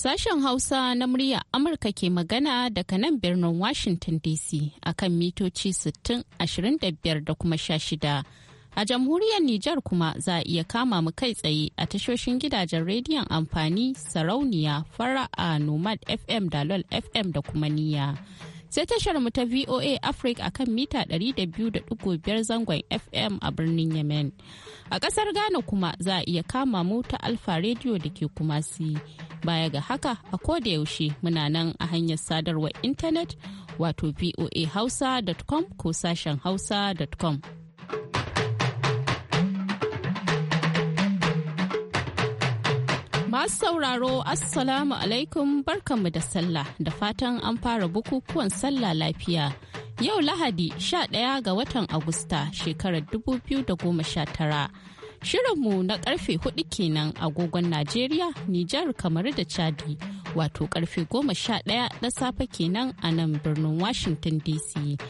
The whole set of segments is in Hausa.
Sashen Hausa na murya Amurka ke magana daga nan birnin Washington DC a kan mitoci 60, 25 da kuma sha shida, A jamhuriyar Nijar kuma za a iya kama mu kai tsaye a tashoshin gidajen rediyon amfani sarauniya fara'a nomad FM da lol FM da kuma niyya. sai tashar mu ta VOA Africa akan mita 200.5 zangon FM a birnin Yemen. A ƙasar Ghana kuma za a iya kama mu ta Alfa Radio da ke Kumasi. Baya ga haka a koda yaushe muna nan a hanyar sadarwar intanet wato voahausa.com ko sashen hausa.com. Masu sauraro Assalamu alaikum barkanmu da sallah da fatan an fara bukukuwan sallah lafiya. Yau Lahadi 11 ga watan Agusta shekarar 2019. Shirinmu na karfe hudu kenan agogon Najeriya, Nijar, kamar da Chadi. wato karfe goma sha ɗaya na safe kenan a nan birnin Washington DC.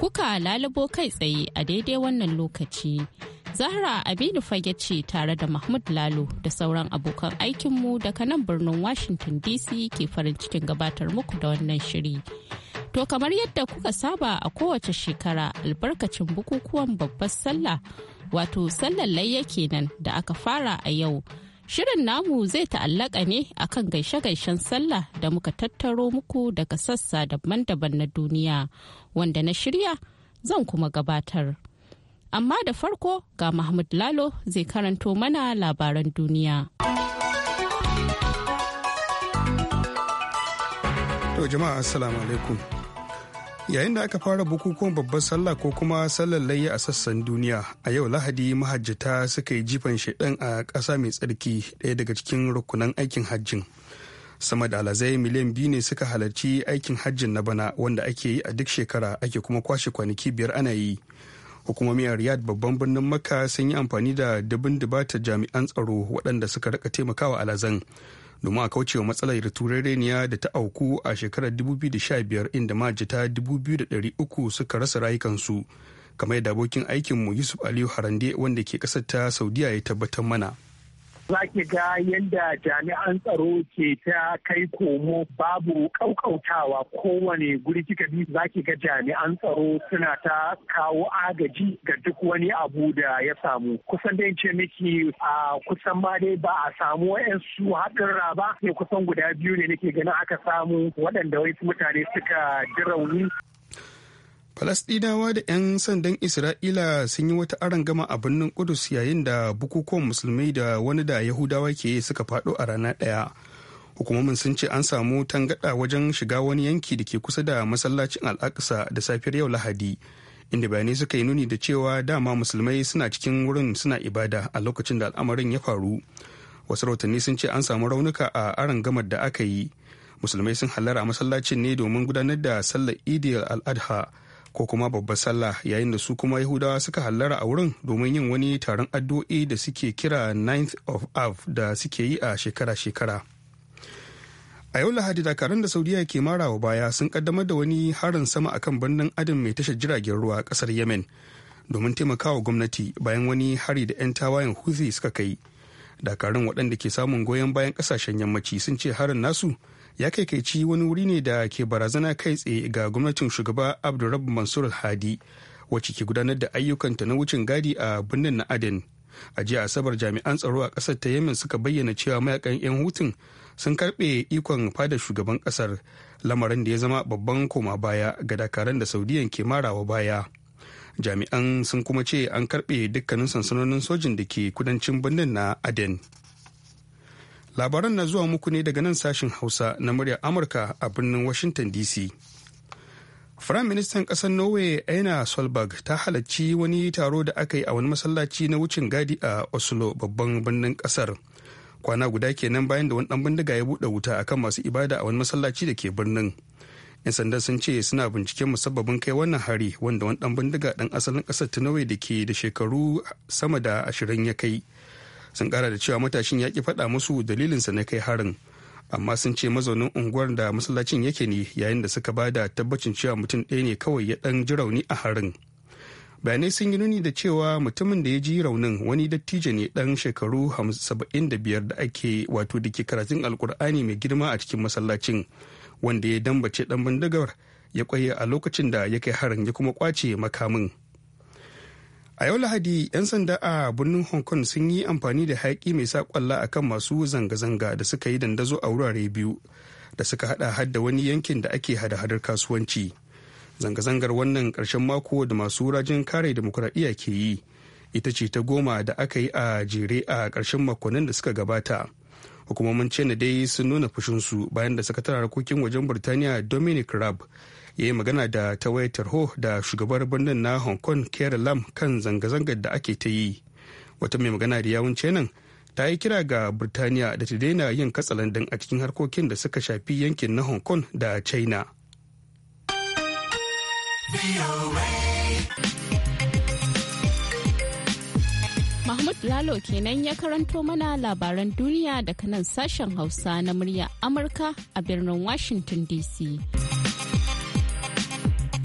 Kuka lalubo kai tsaye a daidai wannan lokaci. Zahra Aminu fage ce tare da Mahmud Lalo da sauran abokan aikinmu daga nan birnin Washington DC ke farin cikin gabatar muku da wannan shiri. To kamar yadda kuka saba a kowace shekara albarkacin bukukuwan babbar sallah wato sallar layya kenan da aka fara a yau. Shirin namu zai ta'allaka ne akan gaishe-gaishen sallah da muka tattaro muku daga sassa daban-daban na duniya wanda na shirya zan kuma gabatar. Amma da farko ga Mahmud Lalo zai karanto mana labaran duniya. To jama'a assalamu alaikum. yayin da aka fara bukukuwan babbar sallah ko kuma sallar layya a sassan duniya a yau lahadi mahajjata suka yi jifan shaidan a ƙasa mai tsarki ɗaya daga cikin rukunan aikin hajjin sama da alazai miliyan biyu ne suka halarci aikin hajjin na bana wanda ake yi a duk shekara ake kuma kwashe kwanaki biyar ana yi hukumomi a riyad babban birnin makka sun yi amfani da dubin dubata jami'an tsaro waɗanda suka rika taimakawa alazan domin a kaucewa matsalar turereniya da ta auku a shekarar 2015 inda majita 2,300 suka rasa rayukansu kamar yadda abokin aikinmu yusuf aliyu harande wanda ke ƙasar ta saudiya ya tabbatar mana. za ki ga yadda jami'an tsaro ke ta kai komo babu ƙauƙautawa kowane guri kika bi za ki ga jami'an tsaro suna ta kawo agaji ga duk wani abu da ya samu kusan da ce miki a kusan ma dai ba a samu wa'yansu haɗin ba ne kusan guda biyu ne nake ganin aka samu waɗanda wasu mutane suka ji rauni Falasɗinawa da 'yan sandan Isra'ila sun yi wata gama a birnin Kudus yayin da bukukuwan musulmai da wani da Yahudawa ke suka faɗo a rana ɗaya. Hukumomin sun ce an samu tangaɗa wajen shiga wani yanki da ke kusa da masallacin al'aqsa da safiyar yau Lahadi, inda bayanai suka yi nuni da cewa dama musulmai suna cikin wurin suna ibada a lokacin da al'amarin ya faru. Wasu rahotanni sun ce an samu raunuka a gamar da aka yi. Musulmai sun halara masallacin ne domin gudanar da sallar Idil al-Adha ko kuma babbar sallah yayin da su kuma yahudawa suka hallara a wurin domin yin wani taron addu'o'i da suke kira ninth of av da suke yi a shekara-shekara a yau lahadi dakarun da saudiya ke mara wa baya sun kaddamar da wani harin sama akan birnin adam mai tashar jiragen ruwa a kasar yemen domin taimakawa gwamnati bayan wani hari da 'yan tawayen houthi suka kai dakarun waɗanda ke samun goyon bayan ƙasashen yammaci sun ce harin nasu ya kaikaici wani wuri ne da ke barazana kai tsaye ga gwamnatin shugaba abdurrabu mansur hadi wacce ke gudanar da ayyukanta na wucin gadi a birnin na aden a jiya asabar jami'an tsaro a kasar ta yemen suka bayyana cewa mayakan 'yan hutun sun karbe ikon fada shugaban kasar lamarin da ya zama babban koma baya ga dakaran da saudiyan ke marawa baya jami'an sun kuma ce an karbe dukkanin sansanonin sojin da ke kudancin birnin na aden labaran na zuwa muku ne daga nan sashen hausa na muryar amurka a birnin washington dc Firaministan kasar Norway Aina Solberg ta halarci wani taro da aka yi a wani masallaci na wucin gadi a Oslo babban birnin kasar Kwana guda kenan bayan da wani dan bindiga ya bude wuta akan masu ibada a wani masallaci da ke birnin. 'Yan sanda sun ce suna binciken musabbabin kai wannan hari wanda wani dan bindiga dan asalin kasar ta Norway da ke da shekaru sama da ashirin ya kai. sun kara da cewa matashin ya ki faɗa musu dalilinsa na kai harin amma sun ce mazaunin unguwar da masallacin yake ne yayin da suka bada tabbacin cewa mutum ɗaya ne kawai ya ɗan ji rauni a harin bayanai sun yi nuni da cewa mutumin da ya ji raunin wani dattijo ne ɗan shekaru 75 da ake wato da ke karatun alkur'ani mai girma a cikin masallacin wanda ya dambace ɗan bindigar ya kwaye a lokacin da ya kai harin ya kuma kwace makamin a yau lahadi 'yan sanda a birnin hong kong sun yi amfani da hayaki mai a kan masu zanga-zanga da suka yi dandazo a wurare biyu da suka hada hadda wani yankin da ake hada-hadar kasuwanci zanga-zangar wannan ƙarshen mako da masu rajin kare demokuraɗiyya ke yi ita ce ta goma da aka yi a jere a ƙarshen makonnin da suka gabata hukumomin china dai sun nuna fushinsu bayan da sakataren harkokin wajen burtaniya dominic raab ya yi magana da ta wayar ho da shugabar birnin na hong kong carrie lam kan zanga-zangar da ake ta yi wata mai magana da yawun nan ta yi kira ga birtaniya da ta daina yin katsalandin a cikin harkokin da suka shafi yankin na hong kong da china Mahmud Lalo kenan ya karanto mana labaran duniya daga nan sashen Hausa na murya Amurka a birnin Washington DC.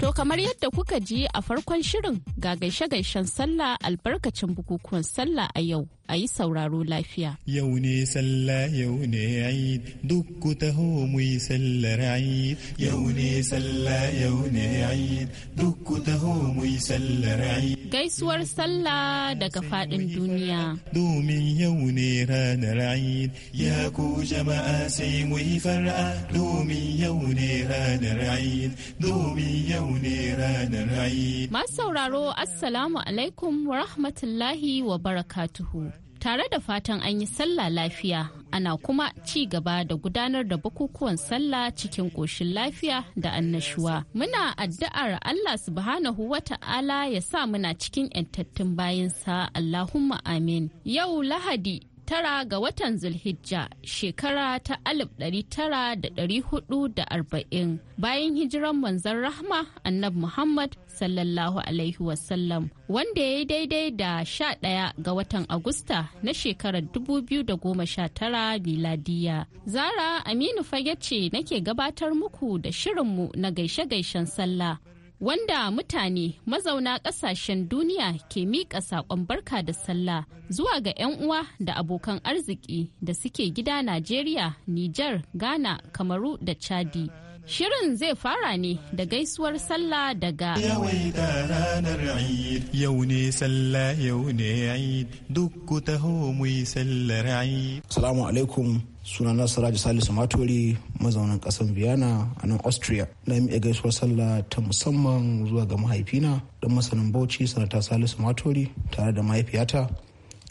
To kamar yadda kuka ji a farkon shirin ga gaishe-gaishen sallah albarkacin bukukuwan sallah a yau a yi sauraro lafiya. Yau ne salla yau ne ayi duk ku taho mu yi sallar ayi. Yau ne salla yau ne ayi duk ku taho mu yi sallar ayi. Gaisuwar salla daga faɗin duniya. Domin yau ne ranar ayi. ya ku jama'a sai mu yi far'a domin yau ne ranar ayi. domin yau ne ranar ayi. Masu sauraro Assalamu alaikum wa rahmatullahi wa barakatuhu. tare da fatan an yi sallah lafiya ana kuma ci gaba da gudanar da bukukuwan sallah cikin ƙoshin lafiya da annashuwa muna addu'ar allah subhanahu wata'ala ya sa muna cikin 'yantattun bayansa allahumma amin yau lahadi tara ga watan Zulhijja shekara ta alif ɗari tara da ɗari hudu da arba'in bayan hijiran manzon rahma Annab Muhammad sallallahu alaihi wasallam wanda ya yi daidai da sha ɗaya ga watan Agusta na shekarar dubu biyu da goma sha tara miladiya. Zara Aminu Fage ce nake gabatar muku da shirinmu na gaishe-gaishen sallah wanda mutane mazauna ƙasashen duniya ke miƙa saƙon barka da sallah zuwa ga 'yan uwa da abokan arziki da suke gida Najeriya, Nijar, Ghana, Kamaru da Chadi. Shirin zai fara ne da gaisuwar sallah daga yau ne sallah yau ne Eid duk ku taho mu yi sallar Salamu alaikum sunana Siraji Salisu Matori mazaunin ƙasar Vienna a nan Austria. Na yi gaisuwar sallah ta musamman zuwa ga mahaifina don masanin Bauchi sanata Salisu Matori tare da mahaifiyata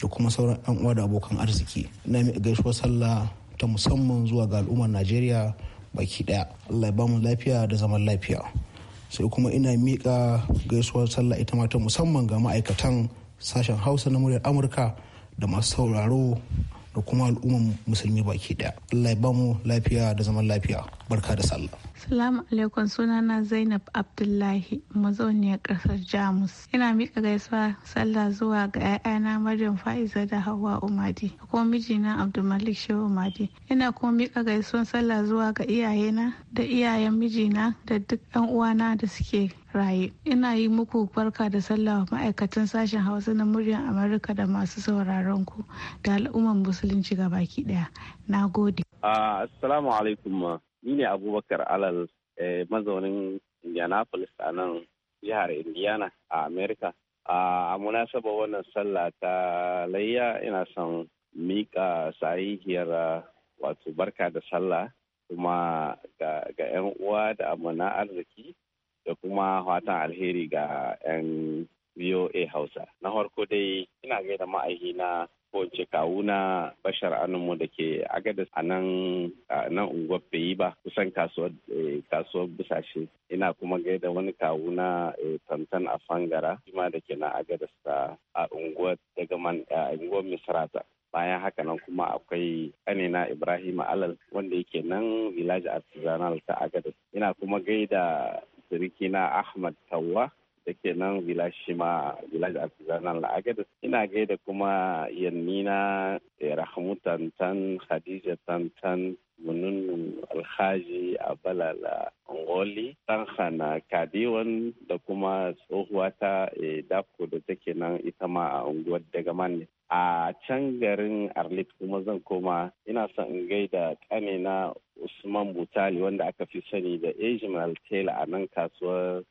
da kuma sauran 'yan uwa da abokan arziki. Na yi gaisuwar sallah ta musamman zuwa ga al'ummar Najeriya baki ɗaya. Allah ya bamu lafiya da zaman lafiya. Sai kuma ina miƙa gaisuwar sallah ita ma ta musamman ga ma'aikatan sashen Hausa na muryar Amurka da masu sauraro da kuma al'umman musulmi baki daya Allah ya bamu lafiya da zaman lafiya barka da sallah Salamu alaikum sunana Zainab Abdullahi mazauniyar ƙasar Jamus. Ina miƙa gaisuwa sallah zuwa ga 'ya'yana Maryam Fa'iza da Hauwa Umadi ko mijina Abdulmalik Shehu Umadi. Ina kuma mika gaisuwan sallah zuwa ga iyayena da iyayen mijina da duk 'yan uwana da suke raye. Ina yi muku barka da sallah ma'aikatan sashen Hausa na muryar Amurka da masu sauraron ku da al'umman musulunci ga baki ɗaya Na gode. Ah, Assalamu alaikum ni ne abubakar alal eh, mazaunin indianapolis a nan jihar indiana a america a munasaba wannan sallah ta layya ina son mika sahihiyar eh, wato barka da sallah kuma ga 'yan uwa da amana arziki da kuma fatan alheri ga 'yan voa hausa na farko dai ina gaida na. ko ce kawuna bashar anunmu da ke agadis a nan nan unguwar yi ba kusan kasuwar eh, busashe ina kuma gaida wani na eh, tantan a fangara jima da ke na agadis a unguwar daga man a unguwar misrata bayan haka nan kuma akwai kanina ibrahim alal wanda yake nan village artisanal ta agadis ina kuma gaida sirikina ahmad tawa da ke nan A shima village artisanal a gada ina gaida kuma yannina eh, rahamu tantan khadija tantan munun alhaji a balala ngoli tanhana kadiwan da kuma tsohuwa ta eh, dafko da take nan ita ma a unguwar daga manne a can garin arlit kuma zan koma ina son in gaida kanina usman butali wanda aka fi sani da asian taylor a nan kasuwar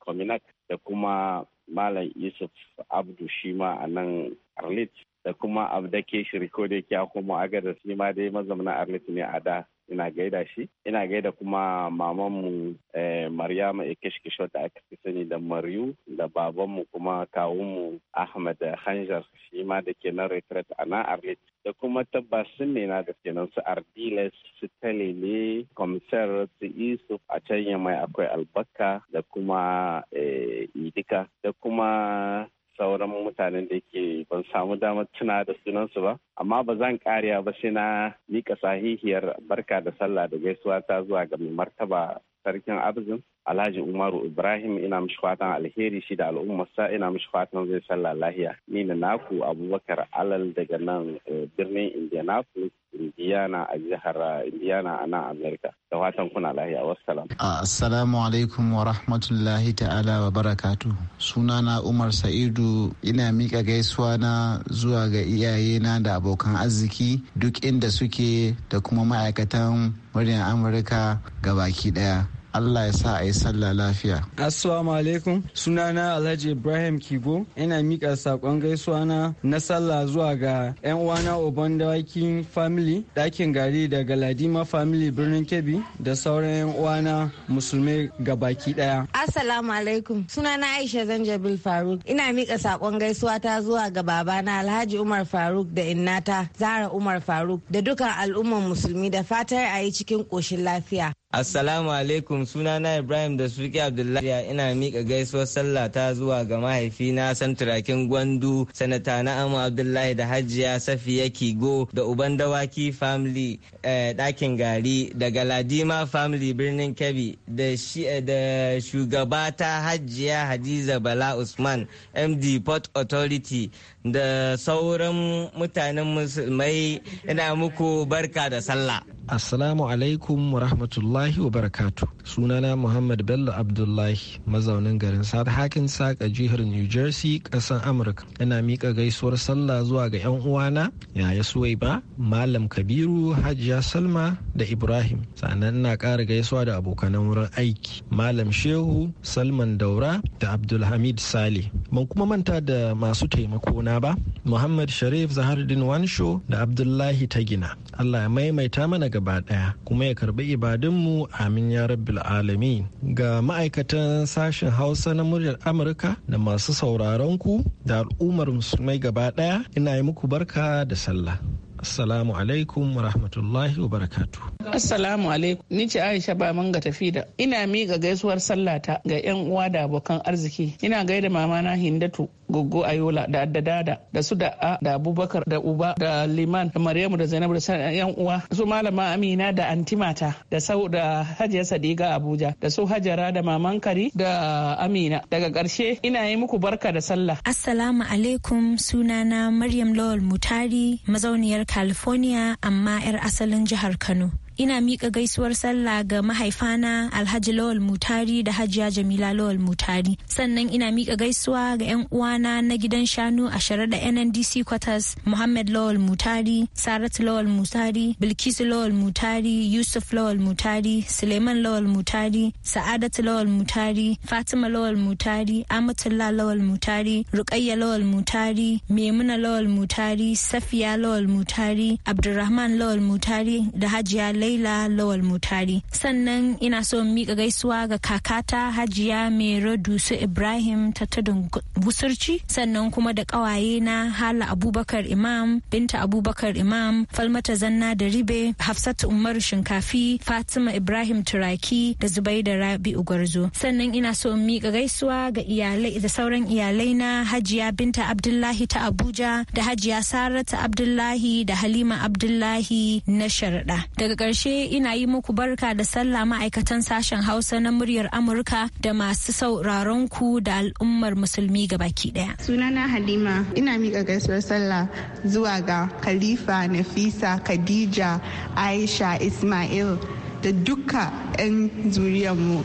Kominak eh, da kuma Malam Yusuf Abdu Shima a nan Arlit da kuma Abdake Shiriko da ya kuma Agadas shi ma dai mazamna Arlit ne a da ina gaida shi ina gaida kuma mamanmu eh, maryama ikishkisho da aka fi sani da maryu da babanmu kuma kawunmu ahmad hanjar shi ma da ke nan retret a nan arlet da kuma tabbasin ne na da ke nan su ardiles su talele komisar su isuf a can mai akwai albaka da kuma eh, idika da kuma sauran mutanen da ke ban samu damar tuna da sunansu ba amma ba zan kariya ba sai na mika sahihiyar barka da sallah da gaisuwa ta zuwa ga mai martaba sarkin abzin Alhaji Umaru Ibrahim ina mishi fatan alheri shi da al'ummarsa ina mishi fatan zai sallah lahiya. Ni na naku Abubakar Alal daga nan eh, birnin Indianapolis, Indiana a jihar uh, Indiana a nan Amerika. Da fatan kuna lahiya wassalam. Assalamu alaikum wa rahmatullahi ta'ala wa barakatu. Sunana Umar Sa'idu ina mika gaisuwa na zuwa ga iyayena da abokan arziki duk inda suke da kuma ma'aikatan muryar Amurka ga baki ɗaya. Allah ya sa a yi sallah lafiya. Assalamu alaikum sunana Alhaji Ibrahim Kigo ina mika sakon gaisuwa na na sallah zuwa ga 'yan uwana Oban Dawakin family ɗakin gari da Galadima family birnin Kebbi da sauran 'yan uwana musulmai baki ɗaya. Assalamu alaikum sunana Aisha Zanjabil Faruk ina mika sakon gaisuwa ta zuwa ga babana Alhaji Umar Faruk da innata Zara Umar Faruk da dukan al'ummar musulmi da fatar a yi cikin ƙoshin lafiya. Assalamu alaikum na Ibrahim da suke Abdullahi ina mika gaisuwar sallah ta zuwa ga mahaifina santurakin gwandu sanata amu Abdullahi da hajiya Safiya Kigo da uban dawaki family eh, ɗakin gari da Galadima family birnin Kebbi da eh, shugabata hajiya Hadiza Bala Usman MD Port Authority da sauran mutanen musulmai ina muku barka da sallah. Assalamu alaikum wa rahmatullahi rahmatullahi wa barakatu. Sunana Muhammad Bello Abdullahi mazaunin garin South Hawkins Saka jihar New Jersey ƙasar Amurka. Ina mika gaisuwar sallah zuwa ga 'yan uwana Yaya Suwaiba, Malam Kabiru, Hajiya Salma da Ibrahim. Sannan ina kara gaisuwa da abokanan wurin aiki Malam Shehu, Salman Daura da Abdulhamid Sale. Ban kuma manta da masu taimako na ba, Muhammad Sharif zahardin Wansho da Abdullahi Tagina. Allah ya maimaita mana gaba ɗaya kuma ya karɓi ibadunmu mu amin ya rabbil alamin ga ma'aikatan sashen hausa na muryar amurka da masu sauraron ku da al'ummar musulmai gaba daya ina yi muku barka da sallah Assalamu alaikum wa rahmatullahi wa barakatu. Assalamu alaikum. Ni ce Aisha ba ga tafi da. Ina miƙa gaisuwar sallata ga 'yan uwa da abokan arziki. Ina gaida mamana Hindatu Goggo Ayola da Addadada da su da A da Abubakar da Uba da Liman da Maryamu da Zainabu da yan uwa su Malama Amina da Antimata da Sau da Hajiya Sadiga Abuja da su Hajara da Maman Kari da Amina daga ƙarshe ina yi muku barka da sallah. Assalamu alaikum sunana Maryam Lawal Mutari mazauniyar California amma 'yar asalin jihar Kano. ina miƙa gaisuwar sallah ga mahaifana alhaji lawal mutari da hajiya jamila lawal mutari sannan ina miƙa gaisuwa ga 'yan uwana na gidan shanu a share da nndc quarters muhammad lawal mutari saratu lawal mutari bilkisu lawal mutari yusuf lawal mutari suleiman lawal mutari sa'adatu lawal mutari fatima lawal mutari amatullah lawal mutari ruqayya lawal mutari maimuna lawal mutari safiya lawal mutari abdurrahman lawal mutari da hajiya laila lawal mutari sannan ina so mika gaisuwa ga kakata hajiya mai radu ibrahim ta tudun busurci sannan kuma da ƙawaye na hala abubakar imam binta abubakar imam falmata zanna da ribe hafsat umar shinkafi fatima ibrahim turaki da da rabi gwarzo sannan ina so mika gaisuwa ga iyalai da sauran iyalai na hajiya binta abdullahi ta abuja da hajiya sarata abdullahi da halima abdullahi na sharaɗa daga ƙarshe karshe ina yi muku barka da sallah ma'aikatan sashen Hausa na muryar Amurka da masu sauraron ku da al'ummar musulmi gabaki daya. Sunana Halima ina miƙa gaisuwar sallah zuwa ga Khalifa, Nafisa, Khadija, Aisha, Ismail da duka 'yan zuriyar mu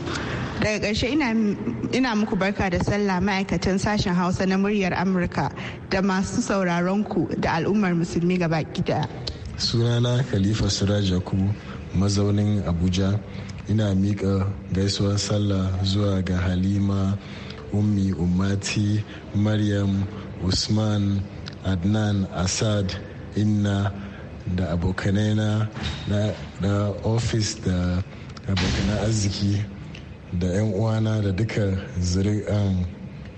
daga karshe ina muku barka da sallah ma'aikatan sashen hausa na muryar amurka da masu sauraron ku da al'ummar musulmi baki daya. sunana khalifa siraj yakubu mazaunin abuja ina miƙa gaisuwar sallah zuwa ga halima ummi umati maryam usman adnan asad inna da abokanai na da ofis da abokanan arziki da 'yan uwana da duka zuri'an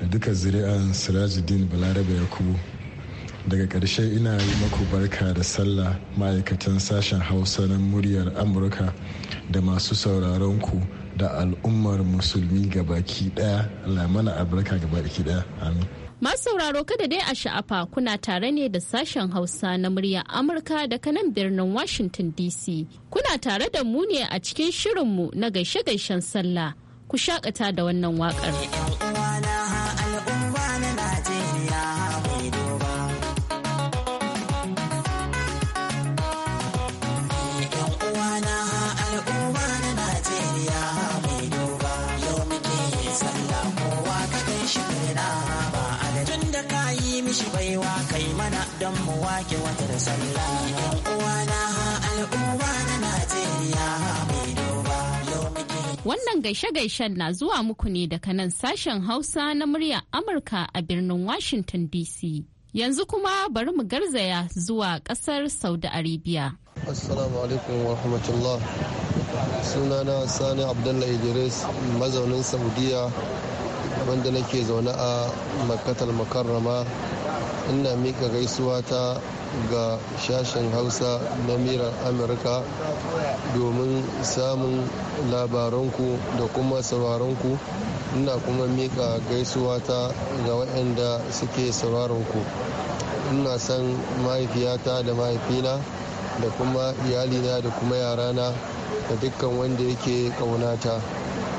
da duka zuri'an sirajuddin balarabe yakubu daga ƙarshe ina yi maku barka da sallah ma'aikatan sashen hausa na muryar amurka da masu sauraron ku da al'ummar musulmi gabaki daya lamana albarka gabaki daya amin Masu sauraro kada dai a sha'afa kuna tare ne da sashen Hausa na murya Amurka da kanan birnin Washington DC. Kuna tare da mu ne a cikin shirinmu na gaishe-gaishen sallah. Ku shakata da wannan waƙar. don mu wake Wannan gaishe-gaishen na zuwa muku ne daga nan sashen Hausa na muryar Amurka a birnin Washington DC. Yanzu kuma bari mu garzaya zuwa ƙasar Saudi Arabia. Assalamu alaikum wa rahmatullah. Sunana Sani Abdullahi Idris mazaunin Saudiya wanda nake zaune a Makkatal Makarrama ina mika gaisuwa ta ga shashen hausa na miran amurka domin samun labaranku da kuma sauraronku ina kuma mika gaisuwa ta ga waɗanda suke sauraronku ina son mahaifiyata da mahaifina da kuma iyalina da kuma yarana da dukkan wanda yake ƙaunata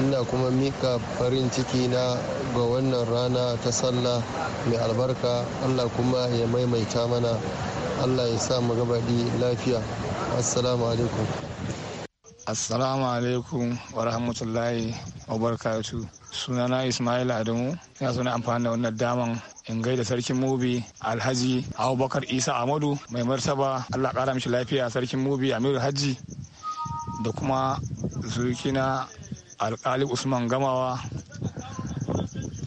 ina kuma mika farin ciki na ga wannan rana ta sallah mai albarka allah kuma ya maimaita mana allah ya sa mu gabaɗi lafiya assalamu alaikum assalamu alaikum wa rahmatullahi wa barakatu sunana ismail adamu ya suna amfani da wannan daman in gaida sarkin mubi alhaji abubakar isa amadu mai martaba allah kara mishi lafiya sarkin mubi amiru hajji da kuma zurikina alkali usman gamawa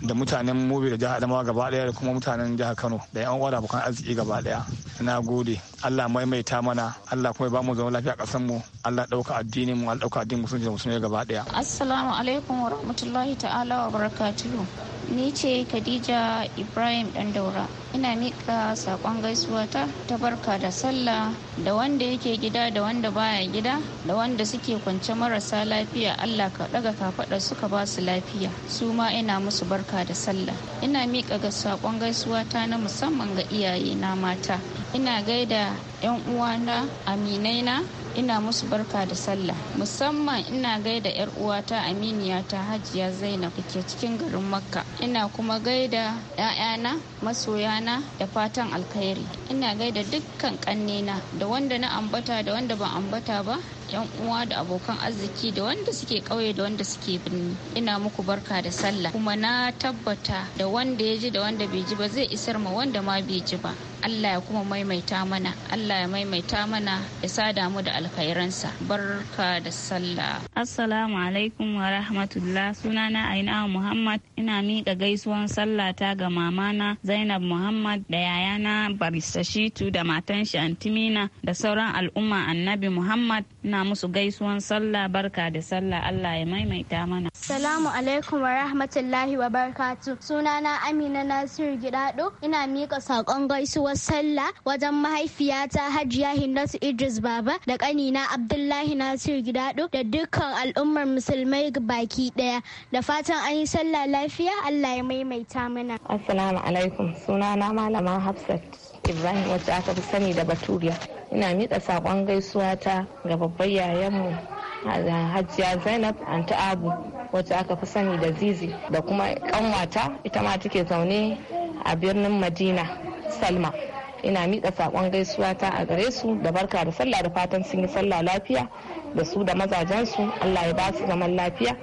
da mutanen Mobe da jihar Adamawa gaba daya da kuma mutanen jihar Kano da yan uwa da abokan arziki gaba daya na gode allah maimaita mana allah kuma ba mu zama lafiya ƙasar mu allah ɗauka addinin mu allah ɗauka addinin musulunci da musulmai gaba ɗaya assalamu alaikum wa rahmatullahi ta'ala wa barakatuhu ni ce khadija ibrahim dan daura ina miƙa saƙon gaisuwa ta ta barka da sallah da wanda yake gida da wanda baya gida da wanda suke kwance marasa lafiya allah ka ɗaga kafaɗa suka ba su lafiya su ma ina musu barka da sallah ina miƙa ga saƙon gaisuwa ta na musamman ga iyaye na mata ina gaida 'yan uwana aminaina ina musu barka da sallah musamman ina gaida 'yar uwata aminiya ta hajiya zainab ke cikin garin makka ina kuma gaida 'ya'yana masoyana da fatan alkhairi ina gaida dukkan kannena da wanda na ambata da wanda ban ambata ba yan uwa da abokan arziki da wanda suke kauye da wanda suke birni ina muku barka da sallah kuma na tabbata da wanda ya ji da wanda bai ji ba zai isar ma wanda ma bai ji ba Allah ya kuma maimaita mana Allah ya maimaita mana ya sada mu da alkhairansa barka da sallah assalamu alaikum wa rahmatullah sunana aina muhammad ina miƙa gaisuwan sallah ta ga mamana zainab muhammad da yayana barista shitu da matan shi antimina da sauran al'umma annabi muhammad Ina musu gaisuwan sallah barka da sallah Allah ya maimaita mana. Salamu alaikum wa rahmatullahi wa barkatu. Sunana Amina Nasiru Gidado ina mika sakon gaisuwar sallah wajen mahaifiyata Hajiya Hindatu Idris Baba da kanina Abdullahi Nasiru Gidado da dukkan al'ummar musulmai baki daya. Da fatan an yi sallah lafiya Allah ya maimaita mana. Assalamu alaikum. Sunana Malama Hafsat ibrahim wacce aka fi sani da baturiya ina miƙa saƙon gaisuwa ta ga babbar yayanmu hajiya zainab anta abu wacce aka fi sani da zizi da kuma ƙanwata ita ma take zaune a birnin madina salma ina miƙa saƙon gaisuwa ta a gare su da barka da sallah da fatan sun yi sallah lafiya da su da mazajensu allah ya ba su zaman lafiya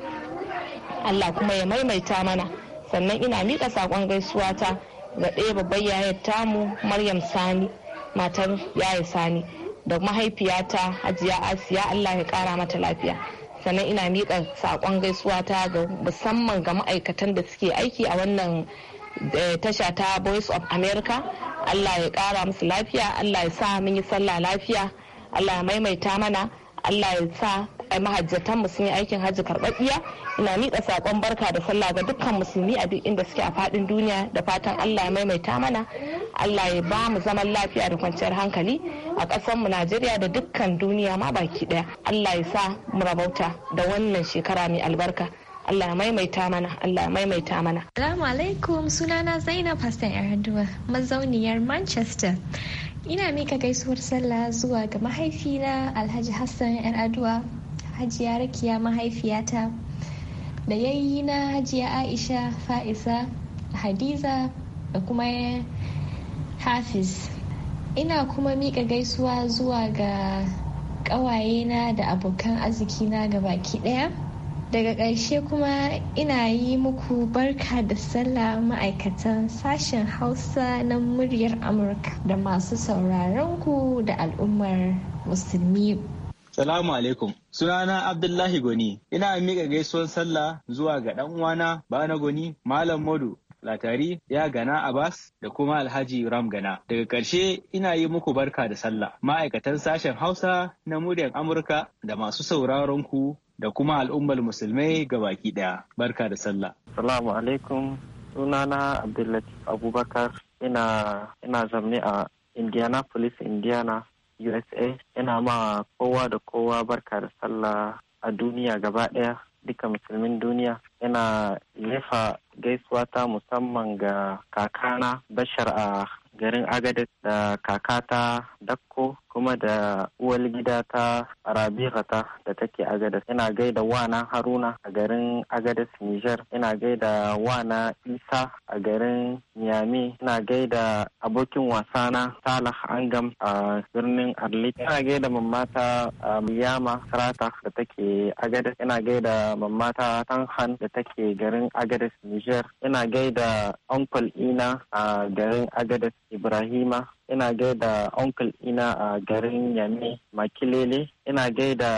allah kuma ya maimaita mana sannan ina miƙa saƙon gaisuwa ta da ɗaya babban yayar tamu maryam sani matar yaya sani da mahaifiyata hajiya asiya allah ya kara mata lafiya sannan ina miƙa saƙon gaisuwa ta ga musamman ga ma'aikatan da suke aiki a wannan eh, tasha ta voice of america allah ya ƙara musu lafiya allah ya sa mun yi sallah lafiya allah ya maimaita mana allah ya sa mahajjatanmu sun yi aikin hajji karɓaɓɓiya ina miƙa saƙon barka da sallah ga dukkan musulmi a duk inda suke a faɗin duniya da fatan allah ya maimaita mana allah ya ba mu zaman lafiya da kwanciyar hankali a ƙasarmu najeriya da dukkan duniya ma baki ɗaya allah ya sa mu rabauta da wannan shekara mai albarka Allah maimaita mana Allah maimaita mana. Assalamu alaikum sunana Zainab Hassan Yar'adua mazauniyar Manchester. Ina mika gaisuwar sallah zuwa ga mahaifina Alhaji Hassan Yar'adua hajiya rakiya mahaifiyata da yayi na hajiya aisha fa'isa hadiza da kuma hafiz ina kuma miƙa gaisuwa zuwa ga ƙawayena da abokan arzikina ga baki ɗaya daga ƙarshe kuma ina yi muku barka da sallah ma'aikatan sashen hausa na muryar amurka da masu sauraron ku da al'ummar musulmi Salamu alaikum. Sunana Abdullahi Goni. Ina miƙa gaisuwar sallah zuwa ga ɗan uwana Bana Goni, Malam Modu, Latari, ya gana Abbas da kuma Alhaji Ram gana. Daga ƙarshe ina yi muku barka da sallah. Ma'aikatan sashen Hausa na muryar Amurka da masu sauraron ku da kuma al'ummar musulmai ga baki ɗaya. Barka da sallah. Salamu alaikum. Sunana Abdullahi Abubakar. Ina ina zamne a Indianapolis, Indiana. USA yana ma kowa da kowa barka da sallah a duniya gaba ɗaya duka musulmin duniya yana lefa gaisuwa ta musamman ga kakana bashar a garin agadis da kakata dakko kuma da uwar gida ta rabihata da take agadas ina gaida wana haruna a garin agadas niger ina gaida wana isa a garin niyami ina gaida abokin wasana salah angam a birnin arlit ina gaida mamata yama sarata da take agadas ina gaida mamata tanhan da take garin agadas niger ina gaida onkol ina a garin agadas ibrahima ina gaida uncle ina a garin yami makilele ina gaida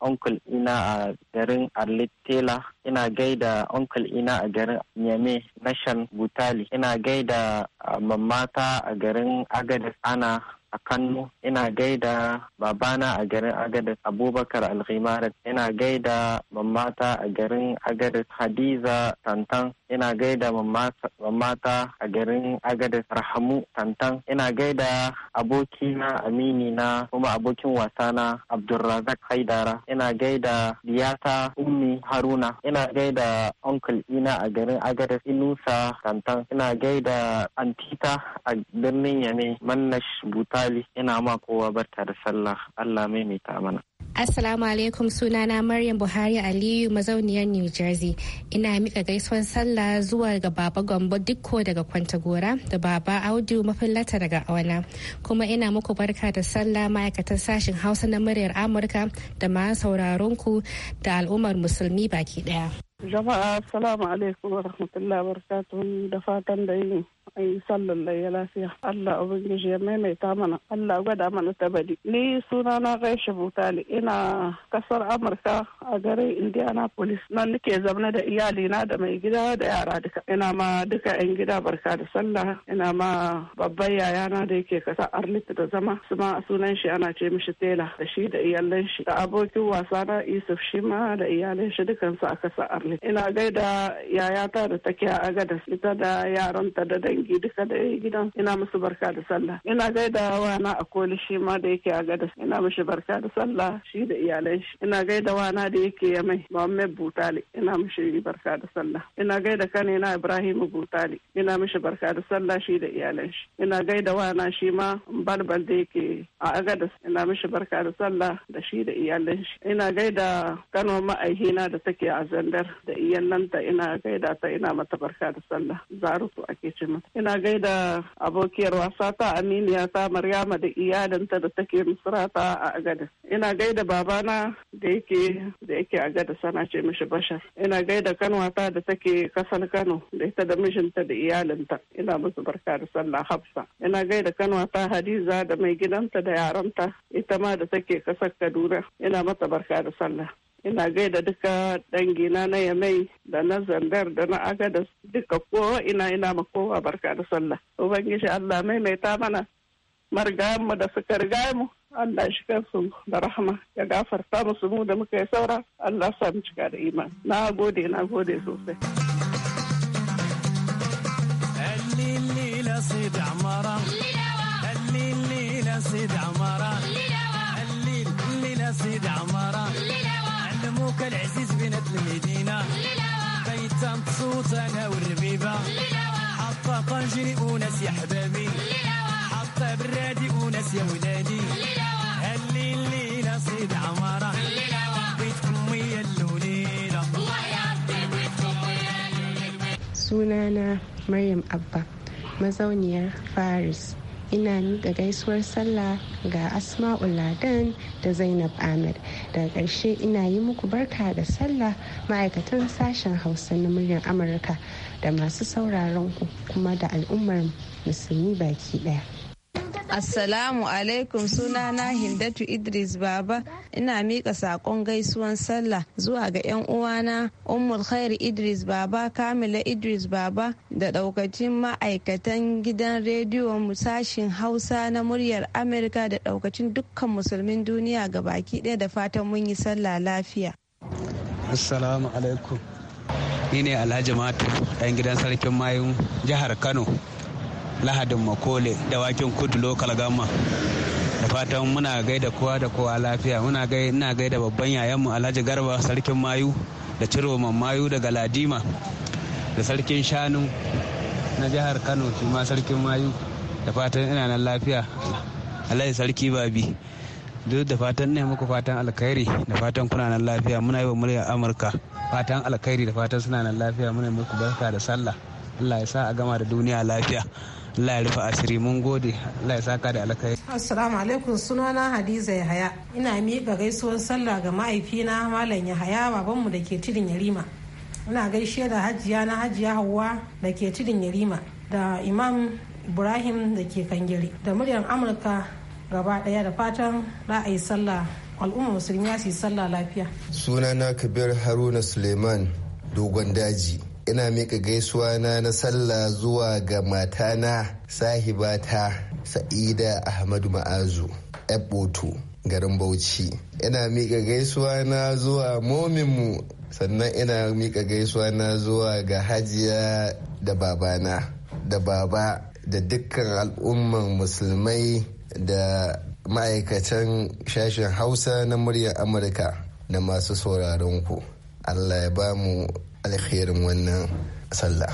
uncle ina a garin arlitela ina gaida uncle ina a garin yame nashan butali ina gaida mamata a garin agadis ana a Kano ina gaida babana a garin agadis Abubakar Alghimarat ina gaida mamata a garin agadis Hadiza Tantan ina gaida mamata a garin agada rahamu tantan ina gaida abokina amini na kuma abokin wasana abdulrazak haidara ina gaida diyata ummi haruna ina gaida uncle ina a garin agada inusa tantan ina gaida antita a birnin yame mannash butali ina ma kowa barka da sallah allah maimaita mana Assalamu alaikum sunana Maryam Buhari Aliyu mazauniyar New Jersey ina mika gaisuwan sallah Allah zuwa ga Baba gombo Dikko daga Kwantagora da Baba Audu Mafillata daga Awana. Kuma ina muku barka da sallah ma'aikatan sashen Hausa na muryar Amurka da ma sauraronku da al'ummar musulmi baki daya. Jama'a salamu alaikum wa rahmatullahi wa da fatan da yi. a yi sallar lafiya Allah ubangiji ya maimaita mana Allah gwada mana ta ni suna na Butali ina kasar Amurka a garin Indianapolis nan nake zaune da iyalina da mai gida da yara duka ina ma duka yan gida barka da sallah ina ma babban yayana da yake kasa Arlit da zama su ma sunan shi ana ce mishi Tela da shi da iyalan shi da abokin wasa na isuf shi ma da iyalan shi dukansu a kasa Arlit ina gaida ta da take a Agadas ita da yaranta da dangi duka da gidan ina musu barka da sallah ina gaida na a koli shi ma da yake a gada ina mishi barka da sallah shi da iyalan shi ina gaida na da yake ya mai muhammed butali ina mishi barka da sallah ina gaida kane na ibrahim butali ina mishi barka da sallah shi da iyalan shi ina gaida na shi ma balbal da yake a agadas ina mishi barka da sallah da shi da iyalin shi ina gaida kano ma'aihina da take a zandar da iyalanta ina gaida ta ina mata barka da sallah zarutu ake ce mata ina gaida abokiyar wasa ta aminiya ta maryama da iyalinta da take misrata a agadas ina gaida babana da yake da yake gada sana ce mishi bashar ina gaida kanwata da take kasar kano da ita da mijinta da iyalinta ina musu barka da sallah hafsa ina gaida kanwata hadiza da mai gidanta da yaranta ita ma da take kasar kaduna ina mata barka da sallah ina gaida duka dangina na yamai da na zandar da na aga da duka kowa ina ina ma kowa barka da sallah ubangiji allah maimaita mana mu da suka riga mu Allah shi kansu da rahama ya gafarta musu mu da muka yi saura Allah sa mu cika da iman na gode na gode sosai الليلة صيد عمرة الليلة الليلة سيد عمارة الليلة الليلة سيد عمارة علموك العزيز بنت المدينة بيتم صوت أنا والربيبة حطة طنجري وناس يا حبابي حطة برادي وناس يا ولادي الليلة الليلة سيد عمارة بيت ويا اللوليلة sunana مريم أبا mazauniyar فارس ina miƙa gaisuwar sallah ga asma'ul ladan da zainab ahmed daga ƙarshe ina yi muku barka da sallah ma'aikatan sashen hausa na muryar amurka da masu sauraron ku kuma da al'ummar musulmi baki ɗaya. Assalamu alaikum suna na Hindatu Idris Baba ina miƙa sakon gaisuwan sallah zuwa ga 'yan uwana Ummul Khair Idris Baba Kamila Idris Baba da daukacin ma'aikatan gidan rediyo musashin Hausa na muryar Amerika da daukacin dukkan musulmin duniya ga baki ɗaya da fatan mun yi sallah lafiya. Assalamu alaikum. Ni ne Alhaji Matu, ɗan gidan sarkin mayu jihar Kano. lahadin makole da wakin kudu lokal gama da fatan muna gaida kowa da kowa lafiya muna ina gaida babban yayanmu alhaji garba sarkin mayu da ciroman mayu daga ladima da sarkin shanu na jihar kano shi ma sarkin mayu da fatan ina nan lafiya alhaji sarki babi duk da fatan ne muku fatan alkhairi da fatan kuna nan lafiya muna yi wa muryar amurka fatan alkhairi da fatan suna nan lafiya muna muku barka da sallah allah ya sa a gama da duniya lafiya Allah ya rufe asiri mun gode Allah ya saka da alkai assalamu alaikum sunana hadiza yahaya ina miƙa gaisuwar sallah ga mahaifina malam yahaya babanmu da ke tudun yarima ina gaishe da hajiya na hajiya hauwa da ke tudun yarima da imam ibrahim da ke da muryar amurka gaba ɗaya da fatan ra'ayi sallah al'umma musulmi ya su sallah lafiya sunana kabir haruna suleiman dogon daji ina mika gaisuwa na na sallah zuwa ga matana sahibata sa'ida ahmadu ma'azu ebotu garin bauchi ina mika gaisuwa na zuwa mominmu sannan ina mika gaisuwa na zuwa ga hajiya da babana da baba da dukkan al'umman musulmai da ma'aikatan shashin hausa na muryar amurka da masu sauraron ku allah ya ba mu alherin wannan sallah.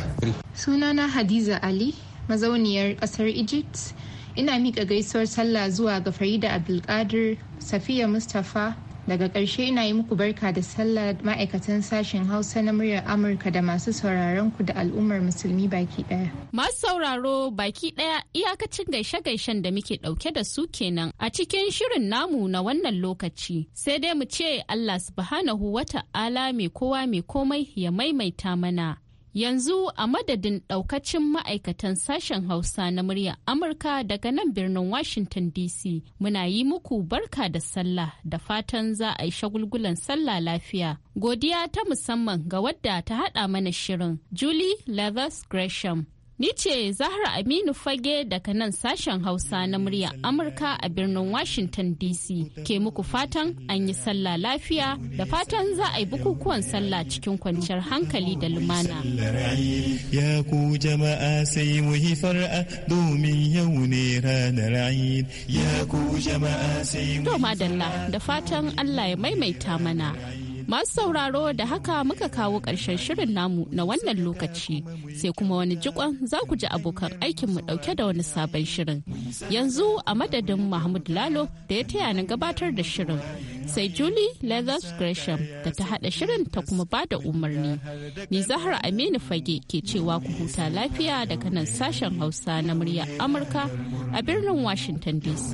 Sunana Hadiza Ali, mazauniyar ƙasar Egypt. Ina miƙa gaisuwar sallah zuwa ga Farida Abdulkadir, Safiya Mustapha, daga ƙarshe ina yi muku barka da sallah ma'aikatan sashen hausa na muryar amurka da masu sauraron ku da al'ummar musulmi baki ɗaya. masu sauraro baki ɗaya iyakacin gaishe-gaishen da muke ɗauke da su kenan a cikin shirin namu na wannan lokaci sai dai mu ce allah subhanahu wata'ala mai kowa mai komai ya maimaita mana Yanzu a madadin ɗaukacin ma'aikatan sashen Hausa na muryar Amurka daga nan birnin Washington DC muna yi muku barka da sallah da fatan za a yi shagulgulan sallah lafiya. Godiya ta musamman ga wadda ta haɗa mana shirin Julie Levis Gresham Ni ce Zahra Aminu Fage daga nan sashen Hausa na murya Amurka a birnin Washington DC ke muku fatan an yi sallah lafiya da fatan za a yi bukukuwan sallah cikin kwanciyar hankali da lumana. Ya ku jama'a sai mu yi fara'a domin yau ne ranar ayi Ya ku jama'a sai mu yi far'a. da fatan Allah ya maimaita mana. Masu sauraro da haka muka kawo ƙarshen shirin namu na wannan lokaci sai kuma wani jikon za ku ji abokan aikinmu ɗauke da wani sabon shirin. Yanzu a madadin Mahmud Lalo da ya taya ni gabatar da shirin sai Julie Leathers Gresham da ta hada shirin ta kuma ba da umarni. Ni Zahra Aminu Fage ke cewa ku huta lafiya daga nan sashen Hausa na muryar Amurka a birnin Washington DC.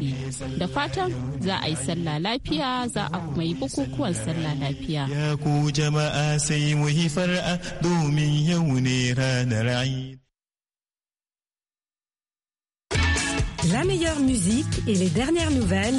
Da fatan za a yi sallah lafiya za a kuma yi bukukuwan sallah lafiya. Ya jama'a sai mu yi yau ranar La meilleure musique et les dernières nouvelles